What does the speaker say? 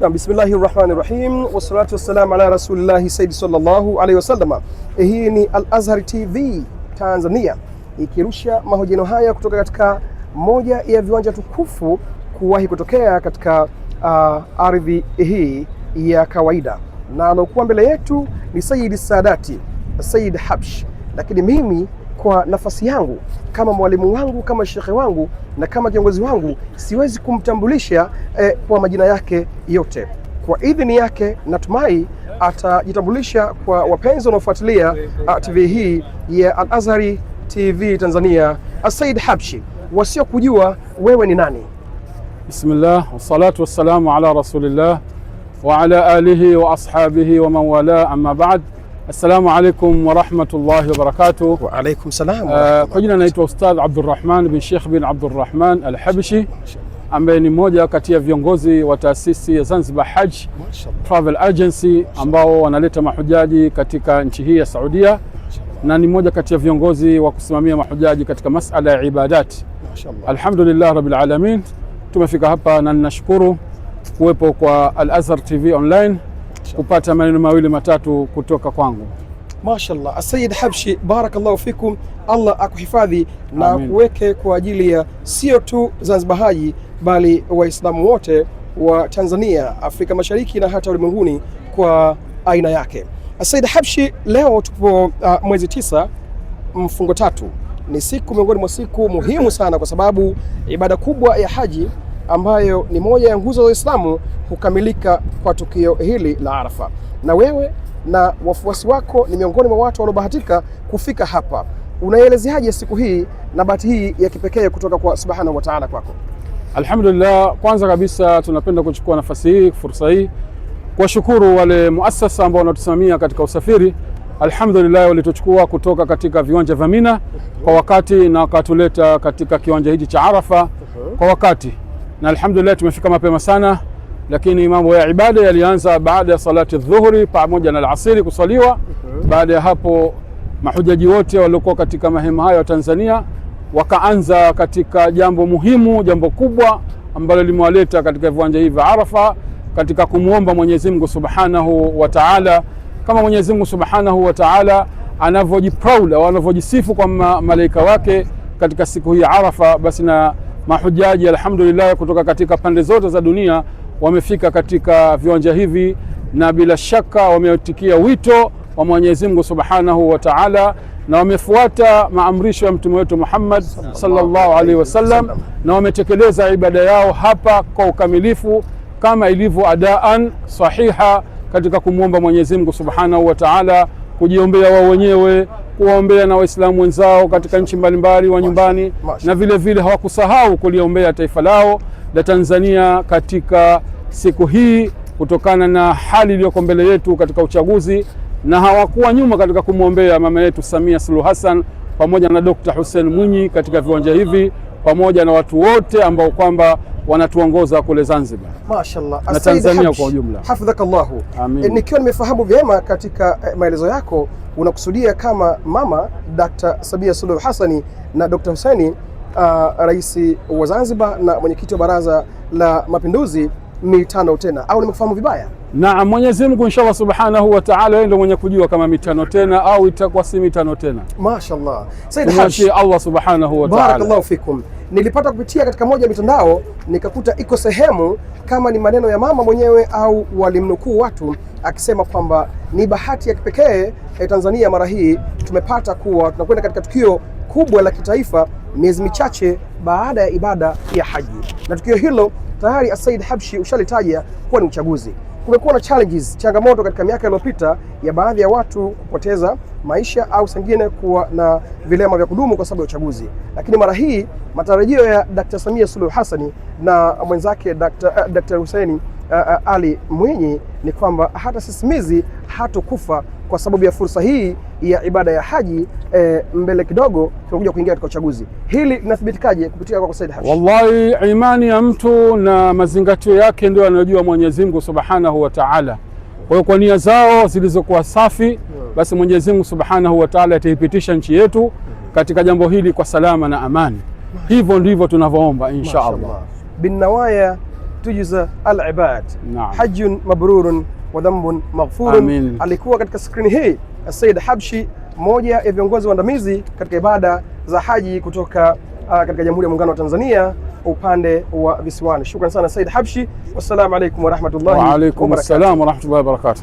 Bismillahi rahmani rahim, wassalatu wassalamu ala rasulillahi saidi sallallahu alaihi wasalama. Eh, hii ni Al Azhar TV Tanzania ikirusha mahojiano haya kutoka katika moja ya viwanja tukufu kuwahi kutokea katika uh, ardhi hii ya kawaida, na alokuwa mbele yetu ni Sayyid Saadati Sayyid Habsh, lakini mimi kwa nafasi yangu kama mwalimu wangu kama shekhe wangu na kama kiongozi wangu, siwezi kumtambulisha eh, kwa majina yake yote. Kwa idhini yake, natumai atajitambulisha kwa wapenzi wanaofuatilia ah, TV hii ya Al Azhari TV Tanzania. Asaid Habshi, wasiokujua wewe ni nani? Bismillah wassalatu wassalamu ala rasulillah wa ala alihi wa ashabihi wa man wala amma ba'd. Assalamu alaikum warahmatullahi wabarakatuh. Wa alaikum salam. Uh, kwa jina naitwa Ustadh Abdurrahman bin Sheikh bin Abdurrahman al habishi ambaye ni mmoja kati ya viongozi wa taasisi ya Zanzibar Hajj Travel Agency ambao wanaleta mahujaji katika nchi hii ya Saudia na ni mmoja kati ya viongozi wa kusimamia mahujaji katika masala ya ibadati. Alhamdulillah rabbil alamin, tumefika hapa na ninashukuru kuwepo kwa Al Azhar TV Online kupata maneno mawili matatu kutoka kwangu. Mashallah, Sayyid Habshi, barakallahu fikum. Allah akuhifadhi na kuweke kwa ajili ya sio tu haji bali Waislamu wote wa Tanzania, Afrika Mashariki na hata ulimwenguni kwa aina yake. Sayyid Habshi, leo tupo uh, mwezi tisa mfungo tatu, ni siku miongoni mwa siku muhimu sana kwa sababu ibada kubwa ya haji ambayo ni moja ya nguzo za Uislamu hukamilika kwa tukio hili la Arafa. Na wewe na wafuasi wako ni miongoni mwa watu waliobahatika kufika hapa. Unaielezeaje siku hii na bahati hii ya kipekee kutoka kwa Subhanahu wa Ta'ala kwako? Alhamdulillah, kwanza kabisa tunapenda kuchukua nafasi hii, fursa hii kuwashukuru wale muasasa ambao wanatusimamia katika usafiri. Alhamdulillah, walituchukua kutoka katika viwanja vya Mina kwa wakati na wakatuleta katika kiwanja hiki cha Arafa kwa wakati na alhamdulillah tumefika mapema sana, lakini mambo ya ibada yalianza baada ya salati dhuhuri pamoja na alasiri kuswaliwa. Baada ya hapo mahujaji wote waliokuwa katika mahema hayo ya Tanzania wakaanza katika jambo muhimu, jambo kubwa ambalo limewaleta katika viwanja hivi vya Arafa katika kumwomba Mwenyezi Mungu Subhanahu wa Ta'ala, kama Mwenyezi Mungu Subhanahu wa Ta'ala anavyojiproud au anavyojisifu kwa malaika wake katika siku hii ya Arafa, basi na mahujaji alhamdulillah kutoka katika pande zote za dunia wamefika katika viwanja hivi na bila shaka wameitikia wito wa Mwenyezi Mungu Subhanahu wa Ta'ala na wamefuata maamrisho ya mtume wetu Muhammad sallallahu alaihi wasallam na wametekeleza ibada yao hapa kwa ukamilifu kama ilivyo adaan sahiha katika kumwomba Mwenyezi Mungu Subhanahu wa Ta'ala, kujiombea wao wenyewe kuwaombea na Waislamu wenzao katika nchi mbalimbali wa nyumbani, na vile vile hawakusahau kuliombea taifa lao la Tanzania katika siku hii, kutokana na hali iliyoko mbele yetu katika uchaguzi, na hawakuwa nyuma katika kumwombea mama yetu Samia Suluhu Hassan pamoja na Dr. Hussein Mwinyi katika viwanja hivi pamoja na watu wote ambao kwamba wanatuongoza kule Zanzibar Mashaallah, na Tanzania kwa ujumla. Hafidhakallahu. Amin. E, nikiwa nimefahamu vyema katika eh, maelezo yako unakusudia kama mama Dr. Samia Suluhu Hassani na Dr. Hussein uh, ah, rais wa Zanzibar na mwenyekiti wa Baraza la Mapinduzi mitano tena, au nimekufahamu vibaya? Na Mwenyezi Mungu inshallah subhanahu wa Ta'ala, yeye ndio mwenye kujua kama mitano tena au itakuwa si mitano tena. Mashaallah. Said Haji, Allah subhanahu wa Ta'ala. Barakallahu fikum. Nilipata kupitia katika moja ya mitandao nikakuta iko sehemu kama ni maneno ya mama mwenyewe au walimnukuu watu akisema kwamba ni bahati ya kipekee ya eh, Tanzania mara hii tumepata kuwa tunakwenda katika tukio kubwa la kitaifa miezi michache baada ya ibada ya Haji, na tukio hilo tayari Said Habshi ushalitaja kuwa ni uchaguzi. Kumekuwa na challenges, changamoto katika miaka iliyopita ya baadhi ya watu kupoteza maisha au sengine kuwa na vilema vya kudumu kwa sababu ya uchaguzi, lakini mara hii matarajio ya Dr. Samia Suluhu Hassani na mwenzake Dr. Hussein uh, uh, Ali Mwinyi ni kwamba hata sisimizi hatokufa kwa sababu ya fursa hii ya ibada ya haji. E, mbele kidogo tunakuja kuingia katika uchaguzi. Hili linathibitikaje kupitia kwa Said Hashim? Wallahi, imani ya mtu na mazingatio yake ndio anayojua Mwenyezi Mungu Subhanahu wa Ta'ala. Kwa hiyo kwa nia zao zilizokuwa safi, basi Mwenyezi Mungu Subhanahu wa Ta'ala ataipitisha nchi yetu katika jambo hili kwa salama na amani. Hivyo ndivyo tunavyoomba insha Allah. Bin nawaya tujza alibad ibad hajjun mabrurun wa dhambun maghfurun. Alikuwa katika skrini hii Said Habshi, mmoja ya viongozi waandamizi katika ibada za haji kutoka uh, katika Jamhuri ya Muungano wa Tanzania upande wa visiwani. Shukran sana Said Habshi, wassalamu alaikum warahmatullahi Wa alaikum assalam warahmatullahi wabarakatuh.